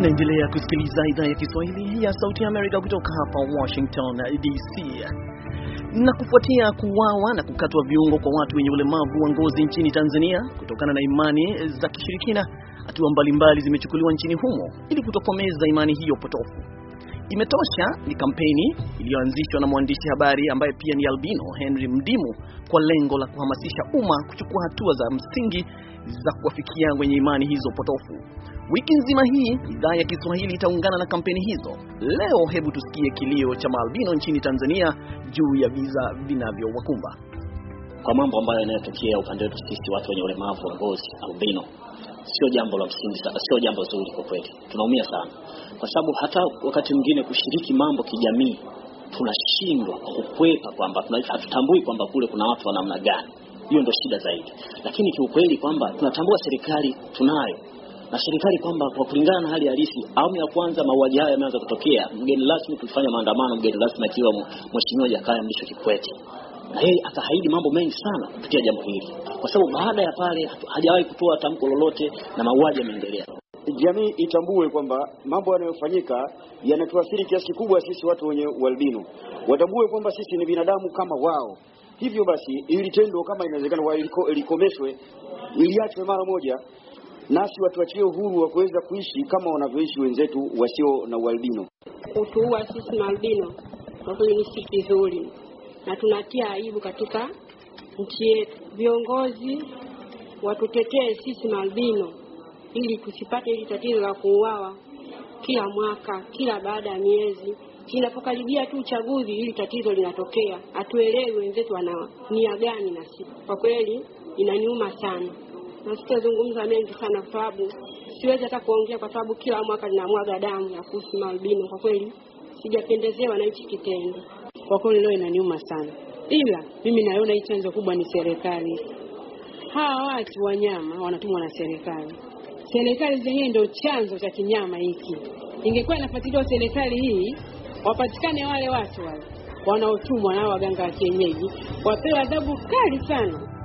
Naendelea kusikiliza idhaa ya Kiswahili ya Sauti ya Amerika kutoka hapa Washington DC. Na kufuatia kuwawa na kukatwa viungo kwa watu wenye ulemavu wa ngozi nchini Tanzania kutokana na imani za kishirikina, hatua mbalimbali zimechukuliwa nchini humo ili kutokomeza imani hiyo potofu. Imetosha ni kampeni iliyoanzishwa na mwandishi habari ambaye pia ni albino Henry Mdimu kwa lengo la kuhamasisha umma kuchukua hatua za msingi za kuwafikia wenye imani hizo potofu. Wiki nzima hii idhaa ya Kiswahili itaungana na kampeni hizo. Leo hebu tusikie kilio cha maalbino nchini Tanzania juu ya visa vinavyowakumba kwa mambo ambayo yanayotokea upande wetu sisi watu wenye ulemavu wa ngozi albino, sio jambo la msingi sana, sio jambo zuri kwa kweli. Tunaumia sana, kwa sababu hata wakati mwingine kushiriki mambo kijamii tunashindwa kwa kukwepa kwamba hatutambui kwamba kule kuna watu wa namna gani. Hiyo ndio shida zaidi, lakini kiukweli kwamba tunatambua serikali tunayo na serikali kwamba kwa kulingana na hali halisi, awamu ya kwanza mauaji haya yameanza kutokea. Mgeni rasmi tulifanya maandamano, mgeni rasmi akiwa Mheshimiwa Jakaya Mrisho Kikwete na yeye akahaidi mambo mengi sana kupitia jambo hili, kwa sababu baada ya pale hajawahi kutoa tamko lolote na mauaji yameendelea. Jamii itambue kwamba mambo yanayofanyika yanatuathiri kiasi kikubwa sisi watu wenye ualbino, watambue kwamba sisi ni binadamu kama wao. Hivyo basi, ili tendo kama inawezekana likomeshwe, iliachwe mara moja, nasi watuachie uhuru wa kuweza kuishi kama wanavyoishi wenzetu wasio na ualbino. Kutuua sisi maalbino kwa kweli si kizuri na tunatia aibu katika nchi yetu. Viongozi watutetee sisi maalbino ili tusipate hili tatizo la kuuawa kila mwaka, kila baada ya miezi. Inapokaribia tu uchaguzi, hili tatizo linatokea. Hatuelewi wenzetu wana nia gani na sisi. Kwa kweli inaniuma sana, na sitazungumza mengi sana, kwa sababu siwezi hata kuongea, kwa sababu kila mwaka linamwaga damu ya kuhusu maalbino. Kwa kweli sijapendezewa na hichi kitendo kwa kweli leo inaniuma sana, ila mimi naona hii chanzo kubwa ni serikali. Hawa watu wanyama wanatumwa na serikali, serikali zenyewe ndio chanzo cha kinyama hiki. Ingekuwa inafuatiliwa serikali hii, wapatikane wale watu wale wanaotumwa na waganga wa kienyeji, wapewe adhabu kali sana.